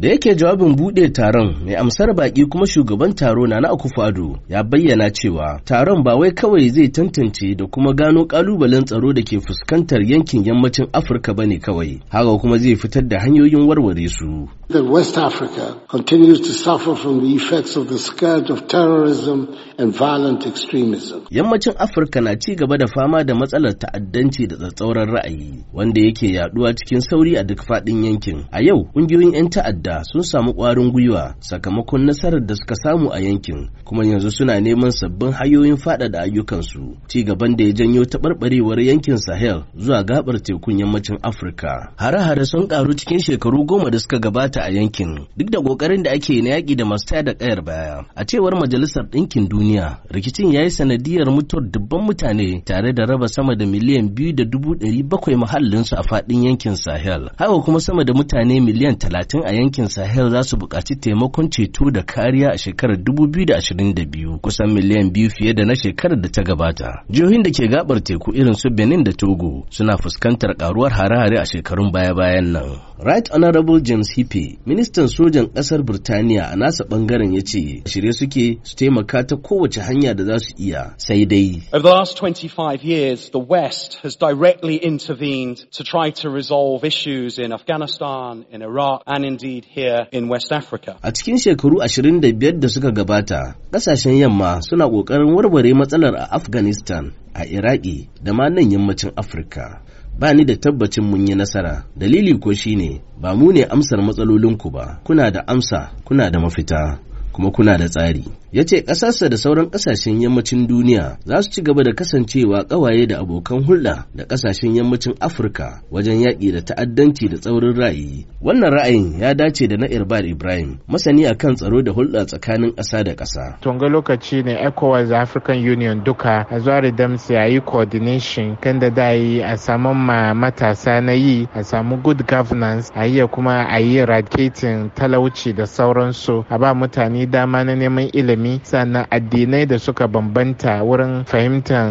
da yake jawabin bude taron mai amsar baki kuma shugaban taro na na akufado ya bayyana cewa taron ba wai kawai zai tantance da kuma gano kalubalen tsaro da ke fuskantar yankin yammacin afirka ba ne kawai haka kuma zai fitar da hanyoyin warware su the West Africa continues to suffer from the effects of the scourge of and violent extremism. Yammacin Afirka na ci gaba da fama da matsalar ta'addanci da tsatsauran ra'ayi wanda yake yaduwa cikin sauri a duk faɗin yankin. A yau, ƙungiyoyin 'yan ta'adda ta'adda sun samu ƙwarin gwiwa sakamakon nasarar da suka samu a yankin kuma yanzu suna neman sabbin hanyoyin faɗaɗa ayyukansu ci gaban da ya janyo taɓarɓarewar yankin Sahel zuwa gaɓar tekun yammacin Afirka. Hare-hare sun ƙaru cikin shekaru goma da suka gabata a yankin duk da ƙoƙarin da ake na yaƙi da masu da ƙayar baya. A cewar Majalisar Ɗinkin Duniya rikicin ya yi sanadiyar mutuwar dubban mutane tare da raba sama da miliyan biyu da dubu ɗari bakwai muhallinsu a faɗin yankin Sahel. Haka kuma sama da mutane miliyan talatin a yankin yankin Sahel za su buƙaci taimakon ceto da kariya a shekarar 2022 kusan miliyan biyu fiye da na shekarar da ta gabata. Jihohin da ke gabar teku irin su Benin da Togo suna fuskantar karuwar hare-hare a shekarun baya-bayan nan. Right Honorable James Hippe, ministan sojan ƙasar Birtaniya a nasa ɓangaren ya ce shirye suke su taimaka ta kowace hanya da za su iya sai dai. Over the last 25 years, the West has directly intervened to try to resolve issues in Afghanistan, in Iraq, and indeed A cikin shekaru ashirin da biyar da suka gabata, ƙasashen yamma suna ƙoƙarin warware matsalar a Afghanistan, a Iraki da ma nan yammacin Afirka. Ba ni da tabbacin mun yi nasara, dalili ko shi ne ba mu ne amsar matsalolinku ba, kuna da amsa, kuna da mafita, kuma kuna da tsari. ya ce ƙasarsa da sauran ƙasashen yammacin duniya za su ci gaba da kasancewa ƙawaye da abokan hulɗa da ƙasashen yammacin afirka wajen yaƙi da ta'addanci da tsaurin ra'ayi wannan ra'ayin ya dace da na irbar ibrahim masani kan tsaro da hulɗa tsakanin ƙasa da ƙasa tunga lokaci ne ecowas african union duka a zuwa redemption a yi coordination kan da da yi a samu ma matasa na yi a samu good governance a iya kuma a yi eradicating talauci da sauransu a ba mutane dama na neman ilimi ilimi sannan addinai da suka bambanta wurin fahimtar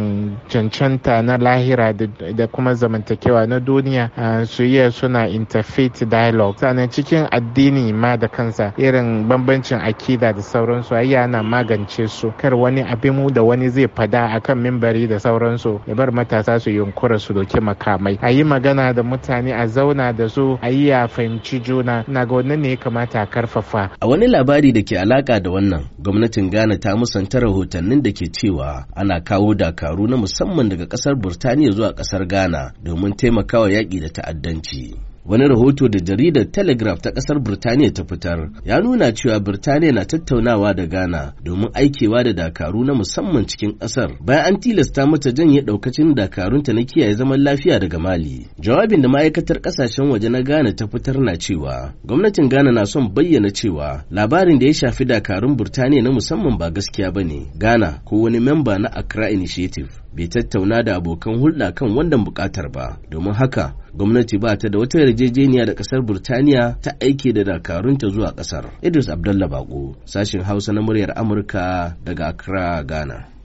cancanta na lahira da kuma zamantakewa na duniya su iya suna interfaith dialogue sannan cikin addini ma da kansa irin bambancin akida da sauransu ai yana magance su kar wani abin da wani zai fada akan mimbari da sauransu ya bar matasa su yunkura su doki makamai a yi magana da mutane a zauna da su a yi ya fahimci juna na ga wani ne ya kamata a karfafa a wani labari da ke alaka da wannan gwamnati gwamnatin Ghana ta musanta rahotannin da ke cewa ana kawo dakaru na musamman daga kasar Burtaniya zuwa kasar Ghana domin taimakawa yaƙi da ta'addanci. wani rahoto da jaridar telegraph ta kasar birtaniya ta fitar ya nuna cewa birtaniya na tattaunawa da ghana domin aikewa da dakaru na musamman cikin kasar bayan an tilasta mata janye daukacin dakarunta na kiyaye zaman lafiya daga mali jawabin da ma'aikatar kasashen waje na ghana ta fitar na cewa gwamnatin ghana na son bayyana cewa labarin da ya shafi dakarun birtaniya na musamman ba gaskiya ba ne ghana ko wani memba na accra initiative bai tattauna da abokan hulɗa kan wannan buƙatar ba domin haka gwamnati ba ta da wata yarjejeniya da kasar Burtaniya ta aike da dakarunta zuwa kasar. Idris Abdullah Bako, sashin Hausa na muryar Amurka daga Accra, Ghana.